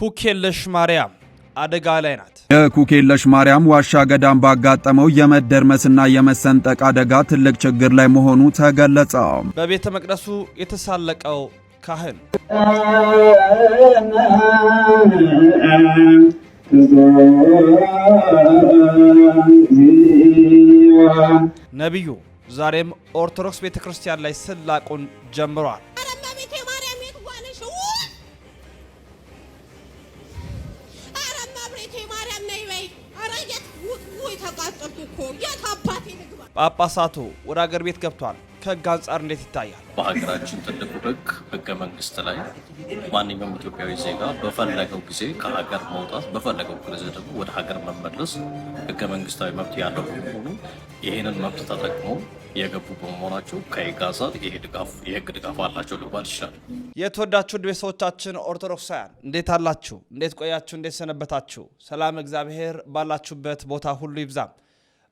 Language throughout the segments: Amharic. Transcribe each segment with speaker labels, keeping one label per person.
Speaker 1: ኩኬለሽ ማርያም አደጋ ላይ ናት። የኩኬለሽ ማርያም ዋሻ ገዳም ባጋጠመው የመደርመስና የመሰንጠቅ አደጋ ትልቅ ችግር ላይ መሆኑ ተገለጸ። በቤተ መቅደሱ የተሳለቀው ካህን ነቢዩ ዛሬም ኦርቶዶክስ ቤተ ክርስቲያን ላይ ስላቁን ጀምሯል። ጳጳሳቱ ወደ አገር ቤት ገብቷል። ከህግ አንጻር እንዴት ይታያል?
Speaker 2: በሀገራችን ትልቁ ህግ ህገ መንግስት ላይ ማንኛውም ኢትዮጵያዊ ዜጋ በፈለገው ጊዜ ከሀገር መውጣት በፈለገው ጊዜ ደግሞ ወደ ሀገር መመለስ ህገ መንግስታዊ መብት ያለው በመሆኑ ይህንን መብት ተጠቅሞ የገቡ በመሆናቸው ከጋዛ የህግ ድጋፍ አላቸው ልባል ይችላል።
Speaker 1: የተወዳችሁ ድቤ ሰዎቻችን ኦርቶዶክሳውያን እንዴት አላችሁ? እንዴት ቆያችሁ? እንዴት ሰነበታችሁ? ሰላም እግዚአብሔር ባላችሁበት ቦታ ሁሉ ይብዛም።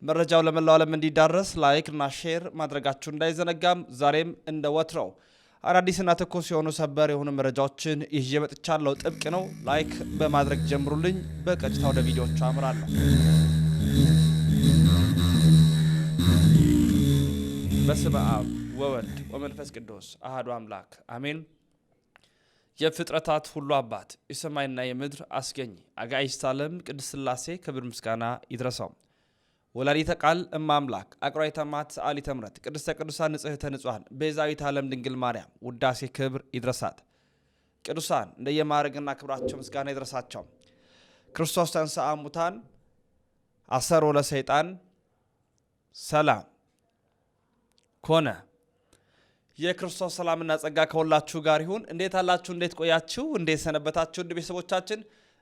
Speaker 1: መረጃው ለመላው ዓለም እንዲዳረስ እና ሼር ማድረጋችሁ እንዳይዘነጋም። ዛሬም እንደ ወትረው አዳዲስና ትኩስ የሆኑ ሰበር የሆኑ መረጃዎችን ይዤ መጥቻለሁ። ጥብቅ ነው። ላይክ በማድረግ ጀምሩልኝ። በቀጥታ ወደ ቪዲዮቹ አምራለሁ። በስመ አብ ወወልድ ወመንፈስ ቅዱስ አህዱ አምላክ አሜን። የፍጥረታት ሁሉ አባት የሰማይና የምድር አስገኝ አጋዕዝተ ዓለም ቅድስት ሥላሴ ክብር ምስጋና ይድረሰው። ወላዲተ ቃል እማምላክ አቅራይ ተማት ሰአሊ ተምረት ቅድስተ ቅዱሳን ንጽሕተ ንጹሐን ቤዛዊት ዓለም ድንግል ማርያም ውዳሴ ክብር ይድረሳት። ቅዱሳን እንደየማዕረግና ክብራቸው ምስጋና ይድረሳቸው። ክርስቶስ ተንሥአ እሙታን አሰሮ ለሰይጣን ሰላም ኮነ። የክርስቶስ ሰላምና ጸጋ ከሁላችሁ ጋር ይሁን። እንዴት አላችሁ? እንዴት ቆያችሁ? እንዴት ሰነበታችሁ? እንደ ቤተሰቦቻችን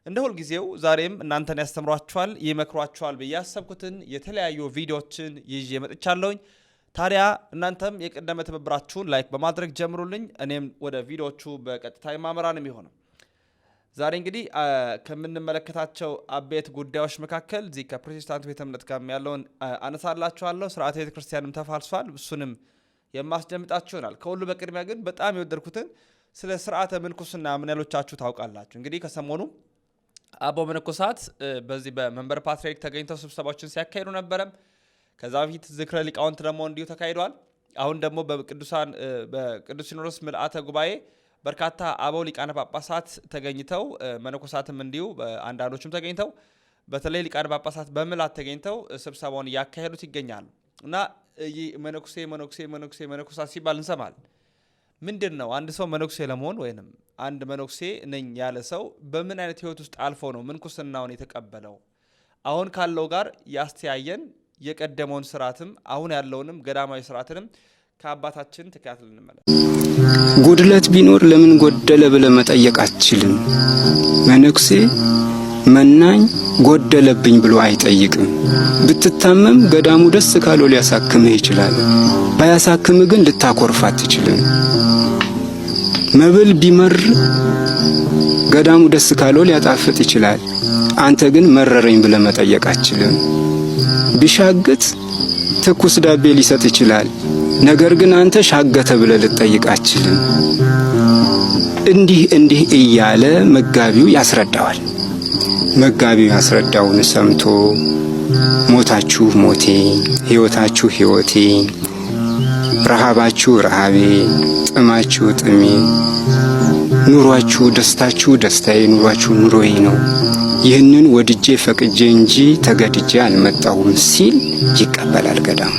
Speaker 1: እንደ ሁልጊዜው ዛሬም እናንተን ያስተምሯችኋል፣ ይመክሯችኋል ብዬ ያሰብኩትን የተለያዩ ቪዲዮዎችን ይዤ መጥቻለሁኝ። ታዲያ እናንተም የቅደመ ትብብራችሁን ላይክ በማድረግ ጀምሩልኝ። እኔም ወደ ቪዲዮቹ በቀጥታ የማመራን የሚሆነው ዛሬ እንግዲህ ከምንመለከታቸው አቤት ጉዳዮች መካከል እዚህ ከፕሮቴስታንት ቤተ እምነት ጋር ያለውን አነሳላችኋለሁ። ስርዓተ ቤተ ክርስቲያንም ተፋልሷል፣ እሱንም የማስደምጣችሁ ይሆናል። ከሁሉ በቅድሚያ ግን በጣም የወደድኩትን ስለ ስርዓተ ምንኩስና ምን ያሎቻችሁ ታውቃላችሁ? እንግዲህ ከሰሞኑ አቦ መነኮሳት በዚህ በመንበር ፓትሪያርክ ተገኝተው ስብሰባዎችን ሲያካሂዱ ነበረ። ከዛ በፊት ዝክረ ሊቃውንት ደግሞ እንዲሁ ተካሂደዋል። አሁን ደግሞ በቅዱሳን በቅዱስ ሲኖዶስ ምልአተ ጉባኤ በርካታ አበው ሊቃነ ጳጳሳት ተገኝተው መነኮሳትም እንዲሁ አንዳንዶችም ተገኝተው በተለይ ሊቃነ ጳጳሳት በምልአት ተገኝተው ስብሰባውን እያካሄዱት ይገኛሉ እና መነኩሴ መነኩሴ መነኩሴ መነኮሳት ሲባል እንሰማል ምንድን ነው አንድ ሰው መነኩሴ ለመሆን ወይንም አንድ መነኩሴ ነኝ ያለ ሰው በምን አይነት ህይወት ውስጥ አልፎ ነው ምንኩስናውን የተቀበለው? አሁን ካለው ጋር ያስተያየን የቀደመውን ስርዓትም አሁን ያለውንም ገዳማዊ ስርዓትንም ከአባታችን ትክያት ልንመለስ።
Speaker 3: ጉድለት ቢኖር ለምን ጎደለ ብለ መጠየቅ አትችልም። መነኩሴ መናኝ ጎደለብኝ ብሎ አይጠይቅም። ብትታመም ገዳሙ ደስ ካለው ሊያሳክምህ ይችላል። ባያሳክምህ ግን ልታኮርፍ አትችልም። መብል ቢመር ገዳሙ ደስ ካለው ሊያጣፍጥ ይችላል። አንተ ግን መረረኝ ብለ መጠየቅ አችልም። ቢሻግት ትኩስ ዳቤ ሊሰጥ ይችላል። ነገር ግን አንተ ሻገተ ብለ ልትጠይቅ አችልም። እንዲህ እንዲህ እያለ መጋቢው ያስረዳዋል። መጋቢው ያስረዳውን ሰምቶ ሞታችሁ ሞቴ፣ ሕይወታችሁ ሕይወቴ ረሃባችሁ ረሃቤ፣ ጥማችሁ ጥሜ፣ ኑሯችሁ ደስታችሁ ደስታዬ፣ ኑሯችሁ ኑሮዬ ነው። ይህንን ወድጄ ፈቅጄ እንጂ ተገድጄ አልመጣሁም ሲል ይቀበላል ገዳሙ።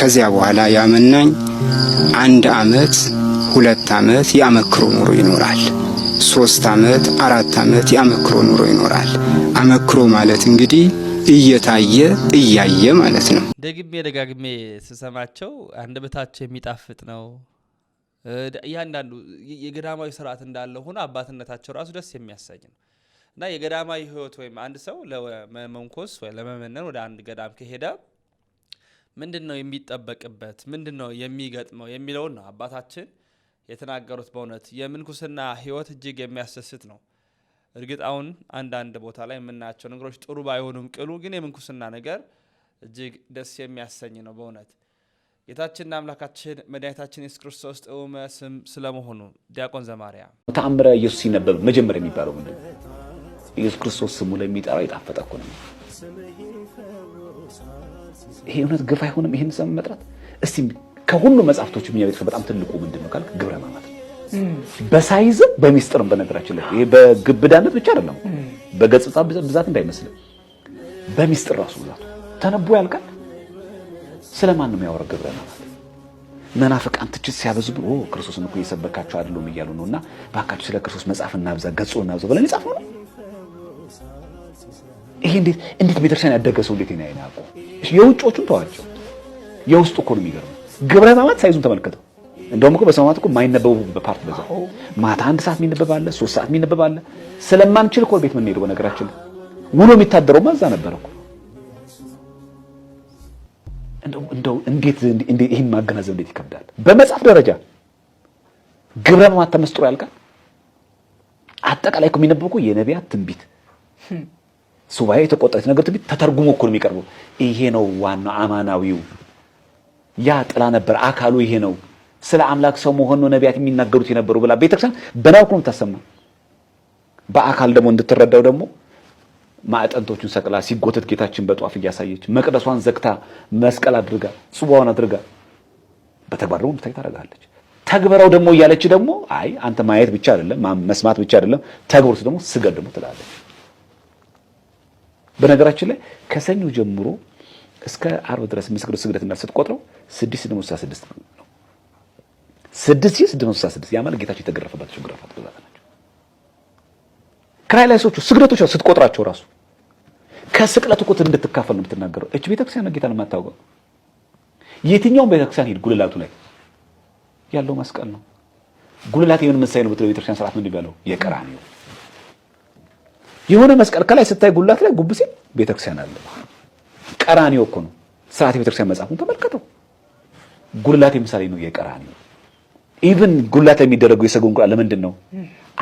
Speaker 3: ከዚያ በኋላ ያመናኝ አንድ ዓመት ሁለት ዓመት የአመክሮ ኑሮ ይኖራል። ሶስት ዓመት አራት ዓመት የአመክሮ ኑሮ ይኖራል። አመክሮ ማለት እንግዲህ እየታየ እያየ ማለት ነው።
Speaker 1: ደግሜ ደጋግሜ ስሰማቸው አንደበታቸው የሚጣፍጥ ነው። እያንዳንዱ የገዳማዊ ስርዓት እንዳለ ሆኖ አባትነታቸው ራሱ ደስ የሚያሰኝ ነው እና የገዳማዊ ህይወት ወይም አንድ ሰው ለመመንኮስ ወይ ለመመነን ወደ አንድ ገዳም ከሄደ ምንድን ነው የሚጠበቅበት፣ ምንድን ነው የሚገጥመው የሚለውን ነው አባታችን የተናገሩት። በእውነት የምንኩስና ህይወት እጅግ የሚያስደስት ነው። እርግጥ አሁን አንዳንድ ቦታ ላይ የምናያቸው ነገሮች ጥሩ ባይሆኑም ቅሉ ግን የምንኩስና ነገር እጅግ ደስ የሚያሰኝ ነው። በእውነት ጌታችንና አምላካችን መድኃኒታችን የሱስ ክርስቶስ ጥዑመ ስም ስለመሆኑ ዲያቆን ዘማሪያ
Speaker 4: ተአምረ ኢየሱስ ሲነበብ መጀመር የሚባለው ምንድን ነው? ኢየሱስ ክርስቶስ ስሙ ለሚጠራው የጣፈጠ እኮ ነው። ይሄ እውነት ግፍ አይሆንም? ይህን ስም መጥራት። እስቲ ከሁሉ መጽሐፍቶች እኛ ቤተሰብ በጣም ትልቁ ምንድን ነው ካልክ ግብረ ሕማማት በሳይዝም በሚስጥርም በነገራችን ላይ ይሄ በግብዳነት ብቻ አይደለም፣ በገጽታ ብዛት እንዳይመስል በሚስጥር ራሱ ብዛቱ ተነቦ ያልቃል። ስለማንም ያወራ ግብረ ናት። መናፍቃን ትችት ሲያበዙብ ክርስቶስን እኮ እየሰበካቸው አይደሉም እያሉ ነውና እባካችሁ ስለ ክርስቶስ መጽሐፍ እናብዛ፣ ገጹ እናብዛ ብለን ይጻፉ ነው። ይሄ እንዴት እንዴት ቤተክርስቲያን ያደገ ሰው እንዴት ነው ያናቆ? የውጮቹን ተዋቸው፣ የውስጡ እኮ ነው የሚገርመው። ግብረ ሕማማት ሳይዙን ተመልከተው እንደውም እኮ በሰማት እኮ የማይነበቡ በፓርት በዛ ማታ አንድ ሰዓት የሚነበብ አለ፣ ሶስት ሰዓት የሚነበብ አለ። ስለማንችል እኮ ቤት የምንሄደው በነገራችን ውሎ የሚታደረው ማዛ ነበር እኮ። እንደው እንዴት ይህን ማገናዘብ እንዴት ይከብዳል። በመጽሐፍ ደረጃ ግብረ በማተም ተመስጥሮ ያልቃል። አጠቃላይ እኮ የሚነበብ እኮ የነቢያት ትንቢት ሱባኤ የተቆጠረች ነገር ትንቢት ተተርጉሞ እኮ ነው የሚቀርበው። ይሄ ነው ዋናው አማናዊው ያ ጥላ ነበር አካሉ ይሄ ነው ስለ አምላክ ሰው መሆን ነው ነቢያት የሚናገሩት የነበሩ ብላ ቤተክርስቲያን በናብኩ ነው የምታሰማ። በአካል ደግሞ እንድትረዳው ደግሞ ማዕጠንቶቹን ሰቅላ ሲጎተት ጌታችን በጧፍ እያሳየች መቅደሷን ዘግታ መስቀል አድርጋ ጽዋውን አድርጋ በተግባር ደግሞ እንድታይ ታደርጋለች። ተግበረው ደግሞ እያለች ደግሞ አይ አንተ ማየት ብቻ አይደለም መስማት ብቻ አይደለም ተግብሩስ ደግሞ ስገድ ደግሞ ትላለች። በነገራችን ላይ ከሰኞ ጀምሮ እስከ አርብ ድረስ ምስክር ስግደትና ስትቆጥረው ስድስት ደግሞ ስድስት ነው ስድስት ሺህ ስድስት መቶ ስልሳ ስድስት ያ ማለት ጌታቸው የተገረፈባቸው ግራፋት ብዛት ናቸው። ክራይላይሶቹ ስግደቶች ስትቆጥራቸው ራሱ ከስቅለት እኮ እንድትካፈል ነው የምትናገረው። እች ቤተክርስቲያን ጌታን የማታውቀው የትኛውም ቤተክርስቲያን ሄድ ጉልላቱ ላይ ያለው መስቀል ነው። ጉልላት የምን ምሳሌ ነው ብትለው ቤተክርስቲያን ስርዓት ምንድን ያለው የቀራንዮ የሆነ መስቀል ከላይ ስታይ ጉልላት ላይ ጉብ ሲል ቤተክርስቲያን አለ። ቀራንዮ እኮ ነው ስርዓት የቤተክርስቲያን መጽሐፉን ተመልከተው። ጉልላት ምሳሌ ነው የቀራንዮ ኢቨን ጉላት የሚደረገው የሰጎን ቁርአን ለምንድን ነው?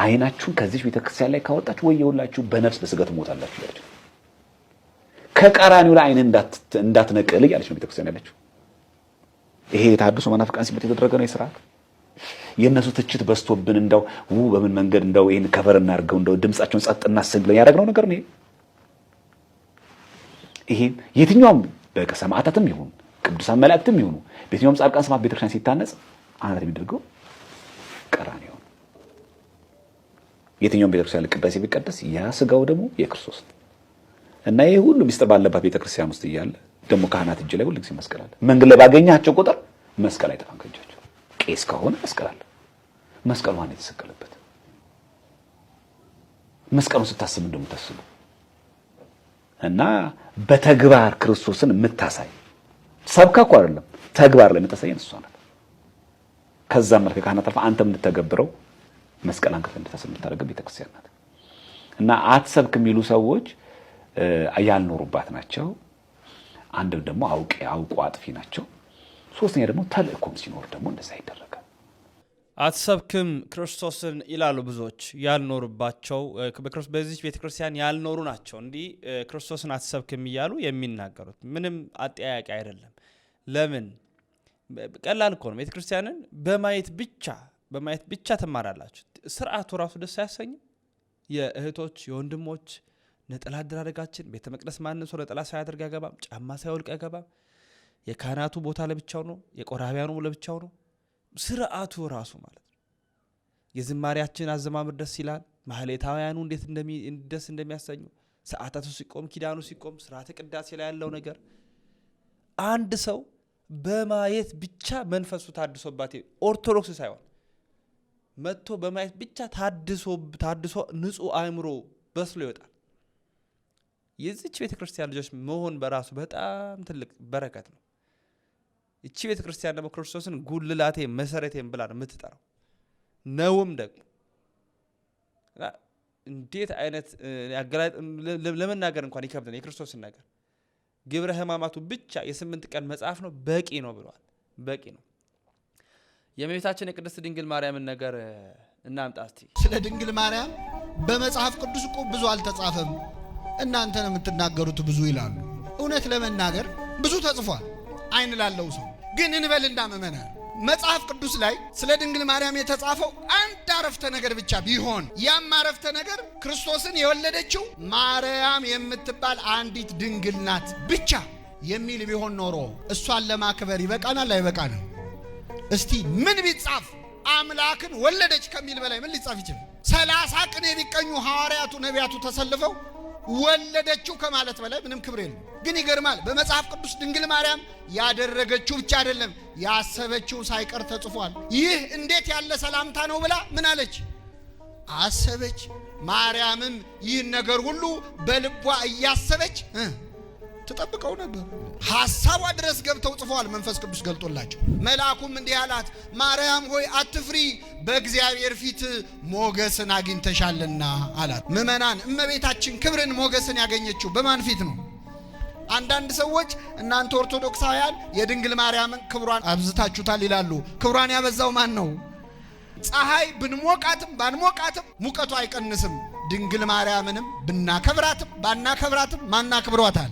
Speaker 4: አይናችሁን ከዚህ ቤተክርስቲያን ላይ ካወጣችሁ ወየውላችሁ በነፍስ በስጋት ሞታላችሁ ያለችው ከቀራኒው ላይ አይን እንዳትነቅል እያለች ነው ቤተክርስቲያን ያለችው። ይሄ የተሐድሶ መናፍቃን ሲመት የተደረገ ነው የስርዓት የእነሱ ትችት በዝቶብን እንዳው ው በምን መንገድ እንዳው ይህን ከበር እናድርገው እንደው ድምፃቸውን ጸጥ እናሰኝ ብለን ያደረግነው ነገር ነው። ይሄ የትኛውም በቀ ሰማዕታትም ይሁን ቅዱሳን መላእክትም ይሁኑ በየትኛውም ጻድቃን ስማት ቤተክርስቲያን ሲታነጽ አነት የሚደርገው ቀራንዮ ነው። የትኛውም ቤተክርስቲያን ቅዳሴ ቢቀደስ ያ ስጋው ደግሞ የክርስቶስ ነው እና ይህ ሁሉ ሚስጥር ባለባት ቤተክርስቲያን ውስጥ እያለ ደግሞ ካህናት እጅ ላይ ሁልጊዜ መስቀል አለ። መንገድ ላይ ባገኛቸው ቁጥር መስቀል አይጠፋም ከእጃቸው። ቄስ ከሆነ መስቀል አለ። መስቀል ማን የተሰቀለበት መስቀሉን ስታስብ እንደምታስቡ እና በተግባር ክርስቶስን የምታሳይ ሰብካ እኮ አይደለም ተግባር ላይ የምታሳየን እሷ ናት። ከዛ መልክ ካህናት አልፋ አንተ የምትተገብረው መስቀል አንክፈ እንድታስር የምታደርገው ቤተክርስቲያን ናት እና አትሰብክ የሚሉ ሰዎች ያልኖሩባት ናቸው። አንድ ደግሞ አውቄ አውቁ አጥፊ ናቸው። ሶስተኛ ደግሞ ተልእኮም ሲኖር ደግሞ እንደዛ ይደረጋል።
Speaker 1: አትሰብክም ክርስቶስን ይላሉ ብዙዎች ያልኖሩባቸው በዚህ ቤተክርስቲያን ያልኖሩ ናቸው። እንዲህ ክርስቶስን አትሰብክም እያሉ የሚናገሩት ምንም አጠያያቂ አይደለም። ለምን ቀላል እኮ ነው። ቤተክርስቲያንን በማየት ብቻ በማየት ብቻ ትማራላችሁ። ስርዓቱ ራሱ ደስ አያሰኝም? የእህቶች የወንድሞች ነጠላ አደራረጋችን ቤተ መቅደስ ማንም ሰው ነጠላ ሳያደርግ ያገባም ጫማ ሳይወልቅ ያገባም የካህናቱ ቦታ ለብቻው ነው፣ የቆራቢያኑ ለብቻው ነው። ስርዓቱ ራሱ ማለት ነው። የዝማሪያችን አዘማምር ደስ ይላል። ማህሌታውያኑ እንዴት ደስ እንደሚያሰኙ ሰአታቱ ሲቆም ኪዳኑ ሲቆም ስርዓተ ቅዳሴ ላይ ያለው ነገር አንድ ሰው በማየት ብቻ መንፈሱ ታድሶባት ኦርቶዶክስ ሳይሆን መጥቶ በማየት ብቻ ታድሶ ንጹሕ አእምሮ በስሎ ይወጣል። የዚች ቤተ ክርስቲያን ልጆች መሆን በራሱ በጣም ትልቅ በረከት ነው። እቺ ቤተ ክርስቲያን ደግሞ ክርስቶስን ጉልላቴ መሰረቴም ብላ ነው የምትጠራው። ነውም ደግሞ እንዴት አይነት ለመናገር እንኳን ይከብዳል የክርስቶስን ነገር ግብረ ህማማቱ ብቻ የስምንት ቀን መጽሐፍ ነው፣ በቂ ነው ብለዋል። በቂ ነው። የእመቤታችን የቅድስት ድንግል ማርያምን ነገር እናምጣ እስቲ።
Speaker 5: ስለ ድንግል ማርያም በመጽሐፍ ቅዱስ እኮ ብዙ አልተጻፈም፣ እናንተ ነው የምትናገሩት ብዙ ይላሉ። እውነት ለመናገር ብዙ ተጽፏል አይን ላለው ሰው ግን እንበል ምእመናን መጽሐፍ ቅዱስ ላይ ስለ ድንግል ማርያም የተጻፈው አንድ አረፍተ ነገር ብቻ ቢሆን ያም አረፍተ ነገር ክርስቶስን የወለደችው ማርያም የምትባል አንዲት ድንግል ናት ብቻ የሚል ቢሆን ኖሮ እሷን ለማክበር ይበቃናል አይበቃንም? እስቲ ምን ቢጻፍ አምላክን ወለደች ከሚል በላይ ምን ሊጻፍ ይችላል? ሰላሳ ቅኔ ቢቀኙ ሐዋርያቱ ነቢያቱ ተሰልፈው ወለደችው ከማለት በላይ ምንም ክብር የለም። ግን ይገርማል። በመጽሐፍ ቅዱስ ድንግል ማርያም ያደረገችው ብቻ አይደለም ያሰበችው ሳይቀር ተጽፏል። ይህ እንዴት ያለ ሰላምታ ነው ብላ ምን አለች? አሰበች። ማርያምም ይህን ነገር ሁሉ በልቧ እያሰበች ትጠብቀው ነበር። ሐሳቧ ድረስ ገብተው ጽፈዋል መንፈስ ቅዱስ ገልጦላቸው። መልአኩም እንዲህ አላት፣ ማርያም ሆይ አትፍሪ፣ በእግዚአብሔር ፊት ሞገስን አግኝተሻልና አላት። ምእመናን፣ እመቤታችን ክብርን ሞገስን ያገኘችው በማን ፊት ነው? አንዳንድ ሰዎች እናንተ ኦርቶዶክሳውያን የድንግል ማርያምን ክብሯን አብዝታችሁታል ይላሉ። ክብሯን ያበዛው ማን ነው? ፀሐይ ብንሞቃትም ባንሞቃትም ሙቀቱ አይቀንስም። ድንግል ማርያምንም ብናከብራትም ባናከብራትም ማናክብሯታል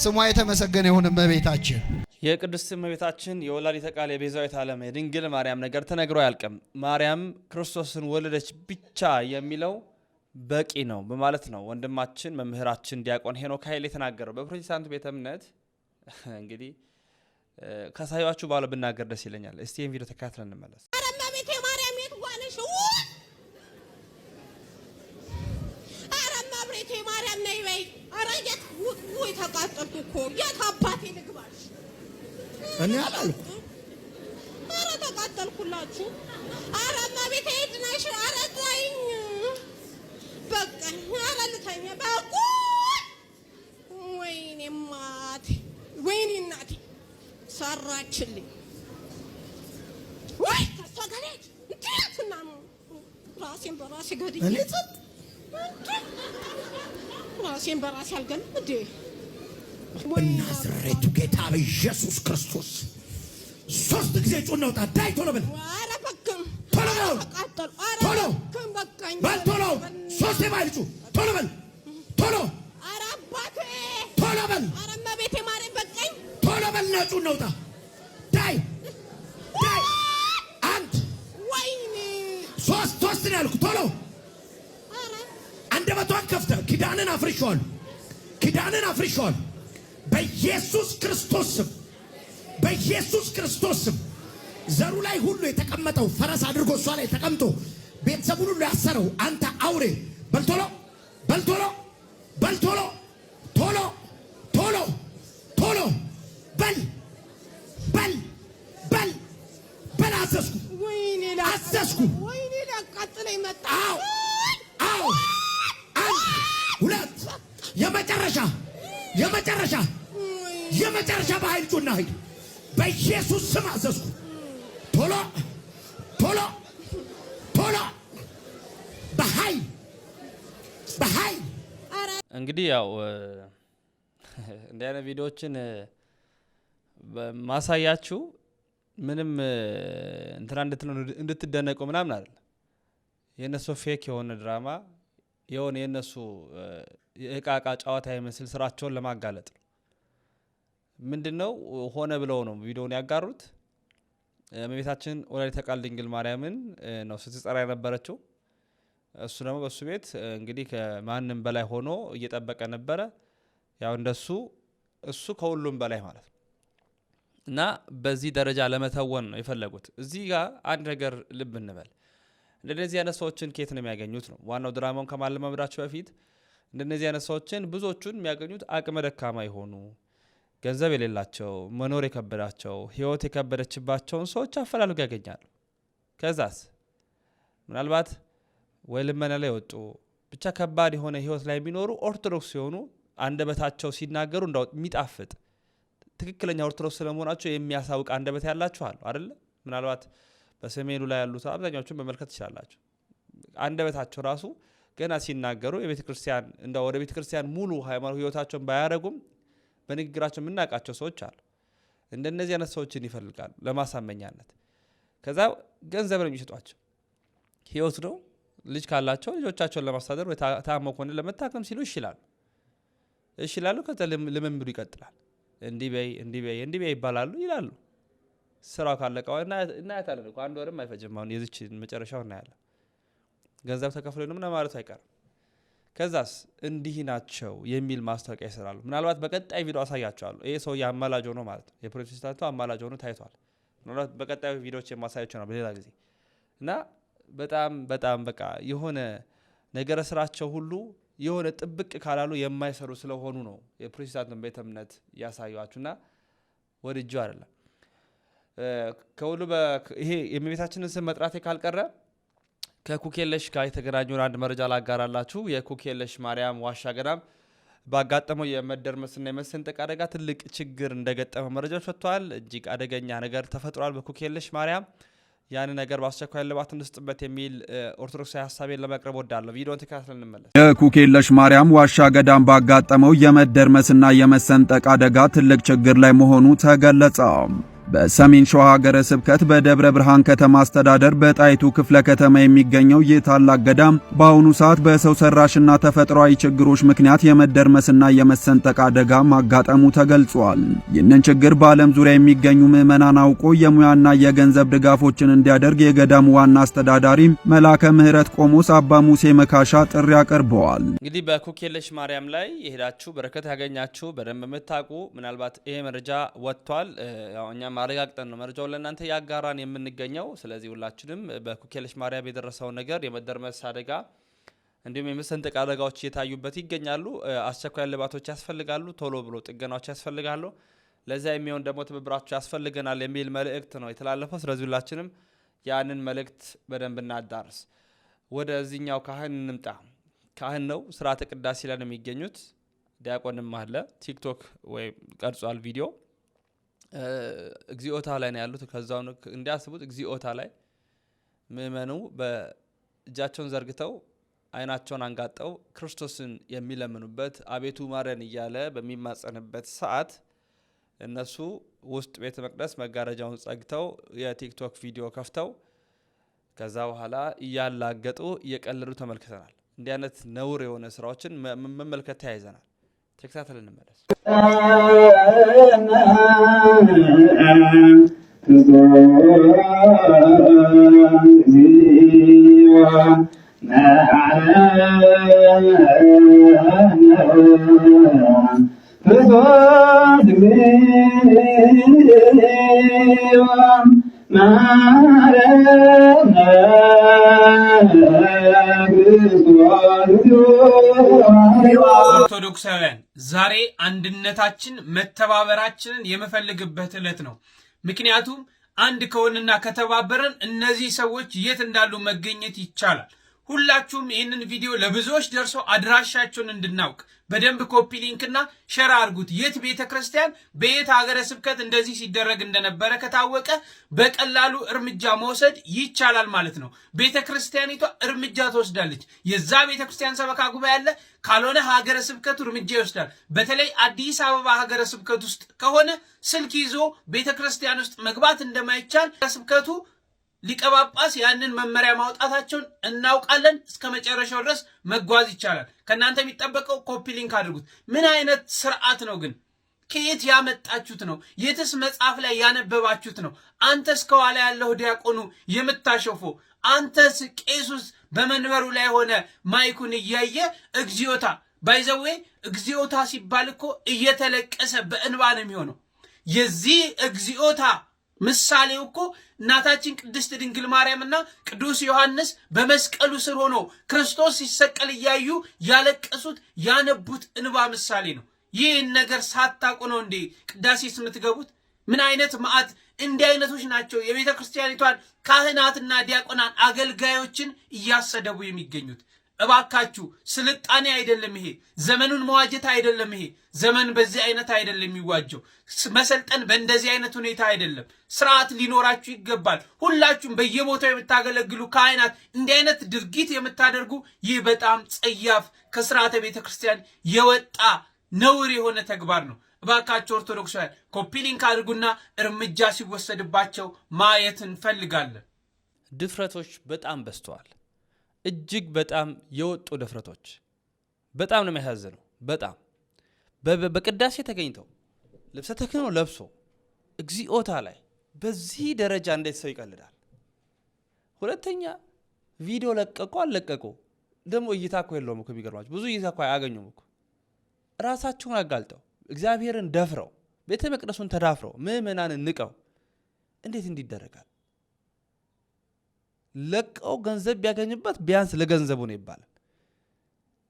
Speaker 5: ስሟ የተመሰገነ ይሁን እመቤታችን
Speaker 1: የቅድስት እመቤታችን የወላዲተ ቃል የቤዛዊት ዓለም የድንግል ማርያም ነገር ተነግሮ አያልቅም። ማርያም ክርስቶስን ወለደች ብቻ የሚለው በቂ ነው በማለት ነው ወንድማችን መምህራችን ዲያቆን ሄኖክ ኃይል የተናገረው። በፕሮቴስታንት ቤተ እምነት እንግዲህ ከሳዩችሁ ባለ ብናገር ደስ ይለኛል። እስቲ ይህን ቪዲዮ ተከታትለን እንመለስ። በይ። ኧረ የት ውይ፣ ተቃጠልኩ እኮ የት አባቴ ልግባሽ? እኔ አላልኩም። ኧረ ተቃጠልኩላችሁ። ኧረ እመቤቴ የት ነሽ? ኧረ ተይኝ
Speaker 5: በቃኝ። ኧረ ልተኛ በቁ ወይኔ ማቴ ወይኔ እናቴ ሰራችልኝ። ወይ ከእሷ ጋር ሂጅ እንትን እና ነው ራሴን በራሴ ገድዬ ራሴን በራሴ አልገለም እንዴ? በናዝሬቱ ጌታ በኢየሱስ ክርስቶስ ሶስት ጊዜ ጩ እናውጣ። ዳይ ቶሎ በል ቶሎ
Speaker 6: ቶሎ
Speaker 5: በል ቶሎ ሶስት ጩ ቶሎ በል ቶሎ ቶሎ በል
Speaker 6: ቶሎ
Speaker 5: በል ጩ እናውጣ። ዳይ ዳይ አንድ ሶስት ሶስት ነው ያልኩ ቶሎ አንደበቷን ከፍተ ኪዳንን አፍርሸዋል፣ ኪዳንን አፍርሸዋል። በኢየሱስ ክርስቶስ ስም፣ በኢየሱስ ክርስቶስ ስም ዘሩ ላይ ሁሉ የተቀመጠው ፈረስ አድርጎ እሷ ላይ ተቀምጦ ቤተሰቡን ሁሉ ያሰረው አንተ አውሬ በልቶሎ በልቶሎ በልቶሎ ቶሎ ቶሎ ቶሎ በል በል በል በል አዘዝኩ አዘዝኩ። ሁለት የመጨረሻ የመጨረሻ የመጨረሻ በኃይል ጩና ሂድ። በኢየሱስ ስም አዘዝኩ። ቶሎ ቶሎ ቶሎ በኃይል በኃይል።
Speaker 1: እንግዲህ ያው እንዲህ አይነት ቪዲዮዎችን ማሳያችሁ ምንም እንትና እንድትደነቁ ምናምን አይደለም። የእነሱ ፌክ የሆነ ድራማ የሆነ የእነሱ የእቃ ጨዋታ የመስል ስራቸውን ለማጋለጥ ነው። ምንድን ነው ሆነ ብለው ነው ቪዲዮውን ያጋሩት። እመቤታችን ወላዲተ ቃል ድንግል ማርያምን ነው ስትጸራ የነበረችው። እሱ ደግሞ በእሱ ቤት እንግዲህ ከማንም በላይ ሆኖ እየጠበቀ ነበረ። ያው እንደሱ እሱ ከሁሉም በላይ ማለት ነው እና በዚህ ደረጃ ለመተወን ነው የፈለጉት። እዚህ ጋር አንድ ነገር ልብ እንበል። እንደነዚህ አይነት ሰዎችን ኬት ነው የሚያገኙት ነው ዋናው። ድራማውን ከማለማመዳቸው በፊት እንደነዚህ አይነት ሰዎችን ብዙዎቹን የሚያገኙት አቅመ ደካማ የሆኑ ገንዘብ የሌላቸው፣ መኖር የከበዳቸው፣ ህይወት የከበደችባቸውን ሰዎች አፈላልጎ ያገኛሉ። ከዛስ ምናልባት ወይ ልመና ላይ ወጡ ብቻ ከባድ የሆነ ህይወት ላይ የሚኖሩ ኦርቶዶክስ ሲሆኑ አንደበታቸው ሲናገሩ እንዳው የሚጣፍጥ ትክክለኛ ኦርቶዶክስ ስለመሆናቸው የሚያሳውቅ አንደበት ያላችኋል አይደለ ምናልባት በሰሜኑ ላይ ያሉት አብዛኛዎቹን መመልከት ትችላላችሁ። አንደበታቸው ራሱ ገና ሲናገሩ የቤተ ክርስቲያን እንደ ወደ ቤተ ክርስቲያን ሙሉ ሃይማኖት ህይወታቸውን ባያደረጉም በንግግራቸው የምናውቃቸው ሰዎች አሉ። እንደነዚህ አይነት ሰዎችን ይፈልጋሉ ለማሳመኛነት። ከዛ ገንዘብ ነው የሚሰጧቸው፣ ህይወት ነው። ልጅ ካላቸው ልጆቻቸውን ለማሳደር ወይ ታሞ ከሆነ ለመታከም ሲሉ ይሽላሉ ይሽላሉ። ከዛ ልምምዱ ይቀጥላል። እንዲህ በይ እንዲህ በይ እንዲህ በይ ይባላሉ ይላሉ። ስራው ካለቀ እናያታለን እ አንድ ወርም አይፈጅም። አሁን የዚች መጨረሻው እናያለን። ገንዘብ ተከፍሎ ምና ማለቱ አይቀርም። ከዛስ እንዲህ ናቸው የሚል ማስታወቂያ ይሰራሉ። ምናልባት በቀጣይ ቪዲዮ አሳያቸዋለሁ። ይሄ ሰው የአማላጅ ሆኖ ማለት ነው፣ የፕሮቴስታንቱ አማላጅ ሆኖ ታይቷል። ምናልባት በቀጣዩ ቪዲዮዎች የማሳያቸው ነው በሌላ ጊዜ እና በጣም በጣም በቃ የሆነ ነገረ ስራቸው ሁሉ የሆነ ጥብቅ ካላሉ የማይሰሩ ስለሆኑ ነው የፕሮቴስታንቱን ቤተ እምነት ያሳዩችሁና ወድጁ አይደለም ከሁሉ ይሄ የእመቤታችንን ስም መጥራቴ ካልቀረ ከኩኬለሽ ጋር የተገናኘውን አንድ መረጃ ላጋራላችሁ። የኩኬለሽ ማርያም ዋሻ ገዳም ባጋጠመው የመደርመስና የመሰንጠቅ አደጋ ትልቅ ችግር እንደገጠመ መረጃዎች ወጥተዋል። እጅግ አደገኛ ነገር ተፈጥሯል በኩኬለሽ ማርያም። ያን ነገር በአስቸኳይ ልባት እንስጥበት የሚል ኦርቶዶክሳዊ ሀሳቤን ለመቅረብ ወዳለሁ። ቪዲዮን ተከታትለን እንመለስ። የኩኬለሽ ማርያም ዋሻ ገዳም ባጋጠመው የመደርመስና የመሰንጠቅ አደጋ ትልቅ ችግር ላይ መሆኑ ተገለጸ። በሰሜን ሸዋ ሀገረ ስብከት በደብረ ብርሃን ከተማ አስተዳደር በጣይቱ ክፍለ ከተማ የሚገኘው ይህ ታላቅ ገዳም በአሁኑ ሰዓት በሰው ሰራሽና ተፈጥሯዊ ችግሮች ምክንያት የመደርመስና የመሰንጠቅ አደጋ ማጋጠሙ ተገልጿል። ይህንን ችግር በዓለም ዙሪያ የሚገኙ ምዕመናን አውቆ የሙያና የገንዘብ ድጋፎችን እንዲያደርግ የገዳሙ ዋና አስተዳዳሪ መላከ ምሕረት ቆሞስ አባ ሙሴ መካሻ ጥሪ አቅርበዋል። እንግዲህ በኩክየለሽ ማርያም ላይ የሄዳችሁ በረከት ያገኛችሁ በደንብ የምታውቁ ምናልባት ይሄ መረጃ ወጥቷል። አረጋግጠን ነው መረጃውን ለእናንተ ያጋራን የምንገኘው። ስለዚህ ሁላችንም በኩኬለሽ ማርያም የደረሰውን ነገር የመደርመስ አደጋ እንዲሁም የመሰንጠቅ አደጋዎች እየታዩበት ይገኛሉ። አስቸኳይ ልባቶች ያስፈልጋሉ። ቶሎ ብሎ ጥገናዎች ያስፈልጋሉ። ለዚያ የሚሆን ደግሞ ትብብራቸው ያስፈልገናል የሚል መልእክት ነው የተላለፈው። ስለዚህ ሁላችንም ያንን መልእክት በደንብ እናዳርስ። ወደዚህኛው ካህን እንምጣ። ካህን ነው ስርዓተ ቅዳሴ ላይ ነው የሚገኙት። ዲያቆንም አለ ቲክቶክ ወይም ቀርጿል ቪዲዮ እግዚኦታ ላይ ነው ያሉት። ከዛው እንዲያስቡት እግዚኦታ ላይ ምእመኑ በእጃቸውን ዘርግተው አይናቸውን አንጋጠው ክርስቶስን የሚለምኑበት አቤቱ ማረን እያለ በሚማጸንበት ሰዓት እነሱ ውስጥ ቤተ መቅደስ መጋረጃውን ጸግተው የቲክቶክ ቪዲዮ ከፍተው ከዛ በኋላ እያላገጡ እየቀለዱ ተመልክተናል። እንዲህ አይነት ነውር የሆነ ስራዎችን መመልከት ተያይዘናል። ተከታተል እንመለስ። ዋ አንድነታችን መተባበራችንን የምፈልግበት ዕለት ነው። ምክንያቱም አንድ ከሆንና ከተባበረን እነዚህ ሰዎች የት እንዳሉ መገኘት ይቻላል። ሁላችሁም ይህንን ቪዲዮ ለብዙዎች ደርሶ አድራሻቸውን እንድናውቅ በደንብ ኮፒ ሊንክና ሸር አድርጉት። የት ቤተ ክርስቲያን በየት ሀገረ ስብከት እንደዚህ ሲደረግ እንደነበረ ከታወቀ በቀላሉ እርምጃ መውሰድ ይቻላል ማለት ነው። ቤተ ክርስቲያኒቷ እርምጃ ትወስዳለች። የዛ ቤተ ክርስቲያን ሰበካ ጉባኤ አለ፣ ካልሆነ ሀገረ ስብከቱ እርምጃ ይወስዳል። በተለይ አዲስ አበባ ሀገረ ስብከት ውስጥ ከሆነ ስልክ ይዞ ቤተ ክርስቲያን ውስጥ መግባት እንደማይቻል ስብከቱ ሊቀ ጳጳስ ያንን መመሪያ ማውጣታቸውን እናውቃለን። እስከ መጨረሻው ድረስ መጓዝ ይቻላል። ከእናንተ የሚጠበቀው ኮፒ ሊንክ አድርጉት። ምን አይነት ስርዓት ነው ግን? ከየት ያመጣችሁት ነው? የትስ መጽሐፍ ላይ ያነበባችሁት ነው? አንተስ ከኋላ ያለው ዲያቆኑ የምታሸፎ አንተስ ቄሱስ በመንበሩ ላይ ሆነ ማይኩን እያየ እግዚኦታ ባይዘዌ እግዚኦታ ሲባል እኮ እየተለቀሰ በእንባ ነው የሚሆነው የዚህ እግዚኦታ ምሳሌው እኮ እናታችን ቅድስት ድንግል ማርያምና ቅዱስ ዮሐንስ በመስቀሉ ስር ሆኖ ክርስቶስ ሲሰቀል እያዩ ያለቀሱት ያነቡት እንባ ምሳሌ ነው። ይህን ነገር ሳታቁ ነው እንዴ ቅዳሴ የምትገቡት? ምን አይነት መዓት! እንዲህ አይነቶች ናቸው የቤተ ክርስቲያኒቷን ካህናትና ዲያቆናን አገልጋዮችን እያሰደቡ የሚገኙት። እባካችሁ ስልጣኔ አይደለም ይሄ። ዘመኑን መዋጀት አይደለም ይሄ። ዘመን በዚህ አይነት አይደለም የሚዋጀው። መሰልጠን በእንደዚህ አይነት ሁኔታ አይደለም። ስርዓት ሊኖራችሁ ይገባል። ሁላችሁም በየቦታው የምታገለግሉ ካህናት፣ እንዲህ አይነት ድርጊት የምታደርጉ ይህ በጣም ጸያፍ፣ ከስርዓተ ቤተ ክርስቲያን የወጣ ነውር የሆነ ተግባር ነው። እባካችሁ ኦርቶዶክሳውያን ኮፒሊንክ አድርጉና እርምጃ ሲወሰድባቸው ማየት እንፈልጋለን። ድፍረቶች በጣም በዝተዋል። እጅግ በጣም የወጡ ድፍረቶች በጣም ነው የሚያሳዝነው። በጣም በቅዳሴ ተገኝተው ልብሰ ተክህኖ ለብሶ እግዚኦታ ላይ በዚህ ደረጃ እንዴት ሰው ይቀልዳል? ሁለተኛ ቪዲዮ ለቀቁ አልለቀቁ ደግሞ እይታ እኮ የለውም እኮ የሚገርማቸው ብዙ እይታ እኮ አያገኙም እኮ ራሳቸውን አጋልጠው እግዚአብሔርን ደፍረው ቤተ መቅደሱን ተዳፍረው ምእመናንን ንቀው እንዴት እንዲደረጋል? ለቀው ገንዘብ ቢያገኝበት ቢያንስ ለገንዘቡ ነው ይባላል።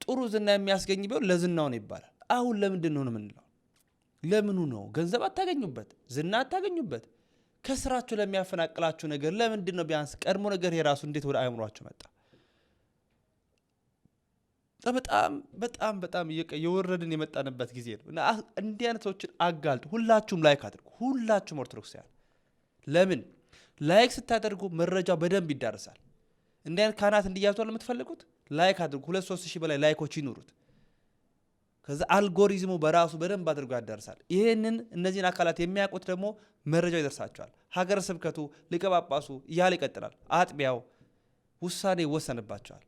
Speaker 1: ጥሩ ዝና የሚያስገኝ ቢሆን ለዝናው ነው ይባላል። አሁን ለምንድን ነው የምንለው? ለምኑ ነው? ገንዘብ አታገኙበት፣ ዝና አታገኙበት። ከስራችሁ ለሚያፈናቅላችሁ ነገር ለምንድን ነው? ቢያንስ ቀድሞ ነገር የራሱ እንዴት ወደ አእምሯችሁ መጣ? በጣም በጣም በጣም የወረድን የመጣንበት ጊዜ ነው እንዲህ አይነት ሰዎችን አጋልጡ። ሁላችሁም ላይክ አድርጉ። ሁላችሁም ኦርቶዶክስ ለምን ላይክ ስታደርጉ መረጃው በደንብ ይዳረሳል። እንዲህ አይነት ካህናት እንዲያዙ የምትፈልጉት ላይክ አድርጉ። ሁለት ሶስት ሺህ በላይ ላይኮች ይኑሩት። ከዚ አልጎሪዝሙ በራሱ በደንብ አድርጎ ያዳርሳል። ይህንን እነዚህን አካላት የሚያውቁት ደግሞ መረጃው ይደርሳቸዋል። ሀገረ ስብከቱ ሊቀ ጳጳሱ እያለ ይቀጥላል። አጥቢያው ውሳኔ ይወሰንባቸዋል።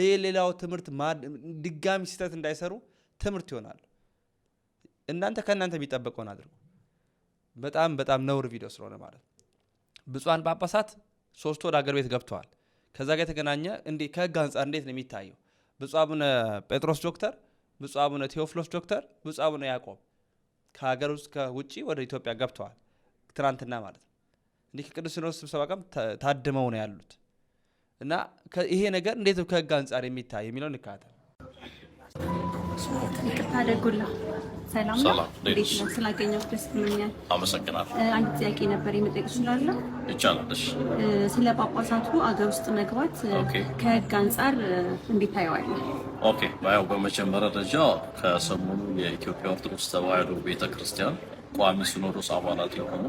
Speaker 1: ሌሌላው ትምህርት ድጋሚ ስህተት እንዳይሰሩ ትምህርት ይሆናል። እናንተ ከእናንተ የሚጠበቀውን አድርጉ። በጣም በጣም ነውር ቪዲዮ ስለሆነ ማለት ነው። ብፁዓን ጳጳሳት ሶስቱ ወደ አገር ቤት ገብተዋል። ከዛ ጋር የተገናኘ ከህግ አንጻር እንዴት ነው የሚታየው? ብፁዕ አቡነ ጴጥሮስ ዶክተር፣ ብፁዕ አቡነ ቴዎፍሎስ ዶክተር፣ ብፁዕ አቡነ ያዕቆብ ከሀገር ውስጥ ከውጭ ወደ ኢትዮጵያ ገብተዋል። ትናንትና ማለት ነው። እንዲህ ከቅዱስ ሲኖዶስ ስብሰባ ጋርም ታድመው ነው ያሉት እና ይሄ ነገር እንዴት ከህግ አንጻር የሚታይ የሚለውን ይካተል
Speaker 7: ይቅርታ አደጉላ ሰላም እንዴት ነው? ስላገኘሁት ደስ ብሎኛል። አመሰግናለሁ። አንድ ጥያቄ ነበር የመጠየቅ እችላለሁ? ይቻላል። ስለ ጳጳሳቱ አገር ውስጥ መግባት ከህግ አንጻር እንዴት ታየዋለህ?
Speaker 1: ኦኬ። ያው በመጀመሪያ ደረጃ ከሰሞኑ የኢትዮጵያ ኦርቶዶክስ ተዋህዶ ቤተክርስቲያን ቋሚ ሲኖዶስ አባላት የሆኑ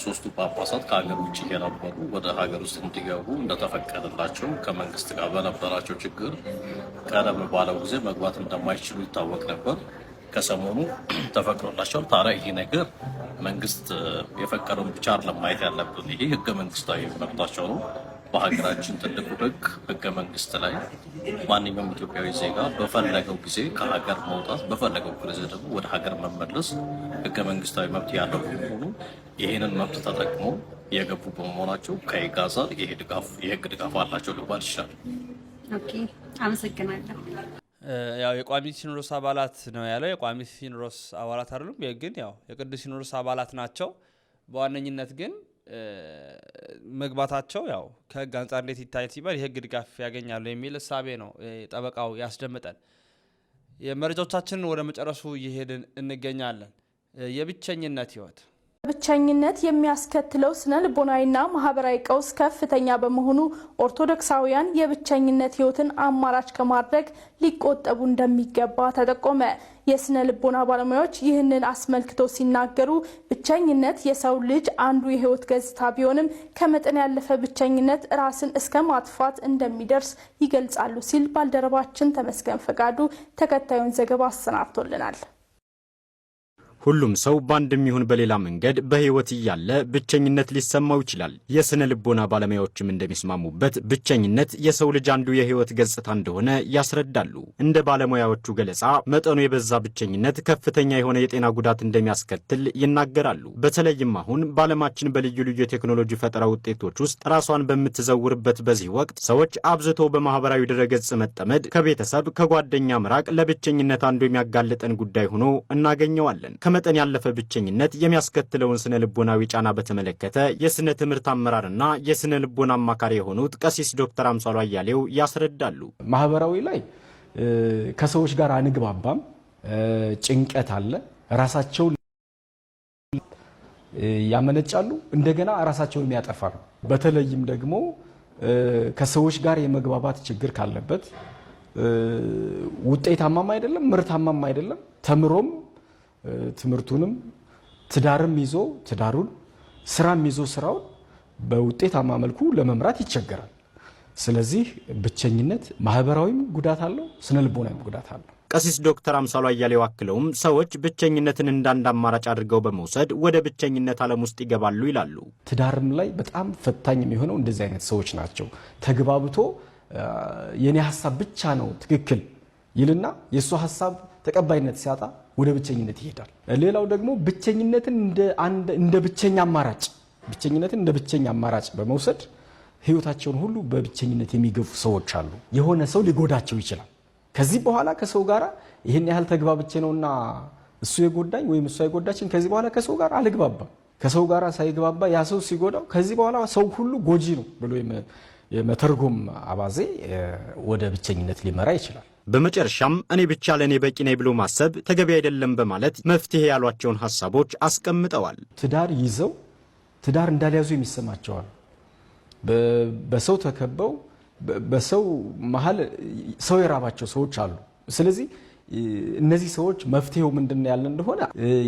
Speaker 1: ሶስቱ ጳጳሳት ከሀገር ውጭ የነበሩ ወደ ሀገር ውስጥ እንዲገቡ እንደተፈቀደላቸው ከመንግስት ጋር በነበራቸው ችግር ቀደም ባለው ጊዜ መግባት እንደማይችሉ ይታወቅ ነበር። ከሰሞኑ ተፈቅዶላቸዋል። ታዲያ ይህ ነገር መንግስት የፈቀደውን ብቻ ለማየት ያለብን፣ ይሄ ህገ መንግስታዊ መብታቸው ነው። በሀገራችን ትልቁ ህግ ህገ መንግስት ላይ ማንኛውም ኢትዮጵያዊ ዜጋ በፈለገው ጊዜ ከሀገር መውጣት በፈለገው ጊዜ ደግሞ ወደ ሀገር መመለስ ህገ መንግስታዊ መብት ያለው በመሆኑ ይህንን መብት ተጠቅሞ የገቡ በመሆናቸው ከጋዛ የህግ ድጋፍ አላቸው ልባል ይችላል።
Speaker 7: አመሰግናለሁ።
Speaker 1: ያው የቋሚ ሲኖዶስ አባላት ነው ያለው። የቋሚ ሲኖዶስ አባላት አይደሉም፣ ግን ያው የቅዱስ ሲኖዶስ አባላት ናቸው በዋነኝነት ግን መግባታቸው ያው ከህግ አንጻር እንዴት ይታይ ሲባል የህግ ድጋፍ ያገኛሉ የሚል እሳቤ ነው ጠበቃው ያስደምጠን። የመረጃዎቻችንን ወደ መጨረሱ እየሄድን እንገኛለን። የብቸኝነት ህይወት
Speaker 8: ብቸኝነት የሚያስከትለው ስነ ልቦናዊና ማህበራዊ ቀውስ ከፍተኛ በመሆኑ ኦርቶዶክሳውያን የብቸኝነት ህይወትን አማራጭ ከማድረግ ሊቆጠቡ እንደሚገባ ተጠቆመ። የስነ ልቦና ባለሙያዎች ይህንን አስመልክተው ሲናገሩ ብቸኝነት የሰው ልጅ አንዱ የህይወት ገጽታ ቢሆንም ከመጠን ያለፈ ብቸኝነት ራስን እስከ ማጥፋት እንደሚደርስ ይገልጻሉ ሲል ባልደረባችን ተመስገን ፈቃዱ ተከታዩን ዘገባ አሰናድቶልናል።
Speaker 1: ሁሉም ሰው በአንድም ይሁን በሌላ መንገድ በህይወት እያለ ብቸኝነት ሊሰማው ይችላል። የስነ ልቦና ባለሙያዎችም እንደሚስማሙበት ብቸኝነት የሰው ልጅ አንዱ የህይወት ገጽታ እንደሆነ ያስረዳሉ። እንደ ባለሙያዎቹ ገለጻ መጠኑ የበዛ ብቸኝነት ከፍተኛ የሆነ የጤና ጉዳት እንደሚያስከትል ይናገራሉ። በተለይም አሁን በዓለማችን በልዩ ልዩ የቴክኖሎጂ ፈጠራ ውጤቶች ውስጥ ራሷን በምትዘውርበት በዚህ ወቅት ሰዎች አብዝተው በማህበራዊ ድረገጽ መጠመድ ከቤተሰብ ከጓደኛ ምራቅ ለብቸኝነት አንዱ የሚያጋልጠን ጉዳይ ሆኖ እናገኘዋለን። ከመጠን ያለፈ ብቸኝነት የሚያስከትለውን ስነ ልቦናዊ ጫና በተመለከተ የስነ ትምህርት አመራርና የስነ ልቦና አማካሪ የሆኑት ቀሲስ ዶክተር አምሳሉ አያሌው ያስረዳሉ።
Speaker 9: ማህበራዊ ላይ ከሰዎች ጋር አንግባባም፣ ጭንቀት አለ፣ ራሳቸውን ያመነጫሉ፣ እንደገና ራሳቸውን ያጠፋሉ። በተለይም ደግሞ ከሰዎች ጋር የመግባባት ችግር ካለበት ውጤታማም አይደለም፣ ምርታማም አይደለም፣ ተምሮም ትምህርቱንም ትዳርም ይዞ ትዳሩን ስራም ይዞ ስራውን በውጤታማ መልኩ ለመምራት ይቸገራል። ስለዚህ ብቸኝነት ማህበራዊም ጉዳት አለው፣ ስነ ልቦናዊም ጉዳት አለው።
Speaker 1: ቀሲስ ዶክተር አምሳሉ አያሌው አክለውም ሰዎች ብቸኝነትን እንዳንድ አማራጭ አድርገው በመውሰድ ወደ ብቸኝነት ዓለም ውስጥ ይገባሉ ይላሉ።
Speaker 9: ትዳርም ላይ በጣም ፈታኝ የሚሆነው እንደዚህ አይነት ሰዎች ናቸው። ተግባብቶ የኔ ሀሳብ ብቻ ነው ትክክል ይልና የእሱ ሀሳብ ተቀባይነት ሲያጣ ወደ ብቸኝነት ይሄዳል። ሌላው ደግሞ ብቸኝነትን እንደ ብቸኛ አማራጭ ብቸኝነትን እንደ ብቸኛ አማራጭ በመውሰድ ህይወታቸውን ሁሉ በብቸኝነት የሚገፉ ሰዎች አሉ። የሆነ ሰው ሊጎዳቸው ይችላል። ከዚህ በኋላ ከሰው ጋር ይህን ያህል ተግባብቼ ነውና እሱ የጎዳኝ ወይም እሱ አይጎዳችን፣ ከዚህ በኋላ ከሰው ጋር አልግባባም። ከሰው ጋር ሳይግባባ ያ ሰው ሲጎዳው ከዚህ በኋላ ሰው ሁሉ ጎጂ ነው ብሎ የመተርጎም አባዜ ወደ ብቸኝነት ሊመራ ይችላል።
Speaker 1: በመጨረሻም እኔ ብቻ ለእኔ በቂ ነኝ ብሎ ማሰብ ተገቢ አይደለም በማለት መፍትሄ ያሏቸውን ሀሳቦች አስቀምጠዋል።
Speaker 9: ትዳር ይዘው ትዳር እንዳልያዙ የሚሰማቸዋል። በሰው ተከበው በሰው መሀል ሰው የራባቸው ሰዎች አሉ። ስለዚህ እነዚህ ሰዎች መፍትሄው ምንድን ያለ እንደሆነ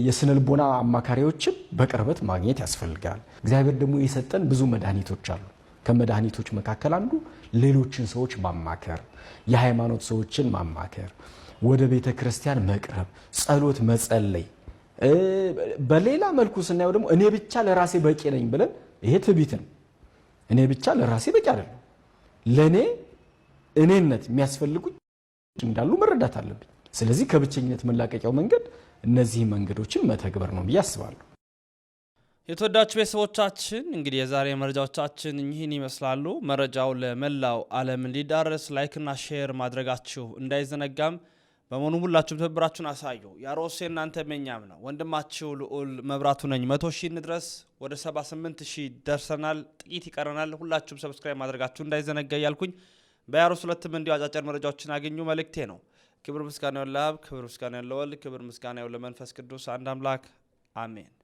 Speaker 9: የስነ ልቦና አማካሪዎችን በቅርበት ማግኘት ያስፈልጋል። እግዚአብሔር ደግሞ የሰጠን ብዙ መድኃኒቶች አሉ። ከመድኃኒቶች መካከል አንዱ ሌሎችን ሰዎች ማማከር የሃይማኖት ሰዎችን ማማከር፣ ወደ ቤተ ክርስቲያን መቅረብ፣ ጸሎት መጸለይ፣ በሌላ መልኩ ስናየው ደግሞ እኔ ብቻ ለራሴ በቂ ነኝ ብለን ይሄ ነው እኔ ብቻ ለራሴ በቂ አይደለም፣ ለእኔ እኔነት የሚያስፈልጉኝ እንዳሉ መረዳት አለብኝ። ስለዚህ ከብቸኝነት መላቀቂያው መንገድ እነዚህ መንገዶችን መተግበር ነው ብዬ አስባለሁ።
Speaker 1: የተወዳችሁ ቤተሰቦቻችን እንግዲህ የዛሬ መረጃዎቻችን ይህን ይመስላሉ። መረጃው ለመላው ዓለም እንዲዳረስ ላይክና ሼር ማድረጋችሁ እንዳይዘነጋም በመሆኑ ሁላችሁም ትብብራችሁን አሳዩ። ያሮሴ እናንተ መኛም ነው። ወንድማችሁ ልዑል መብራቱ ነኝ። መቶ ሺህ እንድረስ ወደ 78 ሺህ ደርሰናል። ጥቂት ይቀረናል። ሁላችሁም ሰብስክራይብ ማድረጋችሁ እንዳይዘነጋ እያልኩኝ በያሮስ ሁለትም እንዲሁ አጫጭር መረጃዎችን አገኙ መልእክቴ ነው። ክብር ምስጋና ለአብ፣ ክብር ምስጋና ለወልድ፣ ክብር ምስጋና ለመንፈስ ቅዱስ አንድ አምላክ አሜን።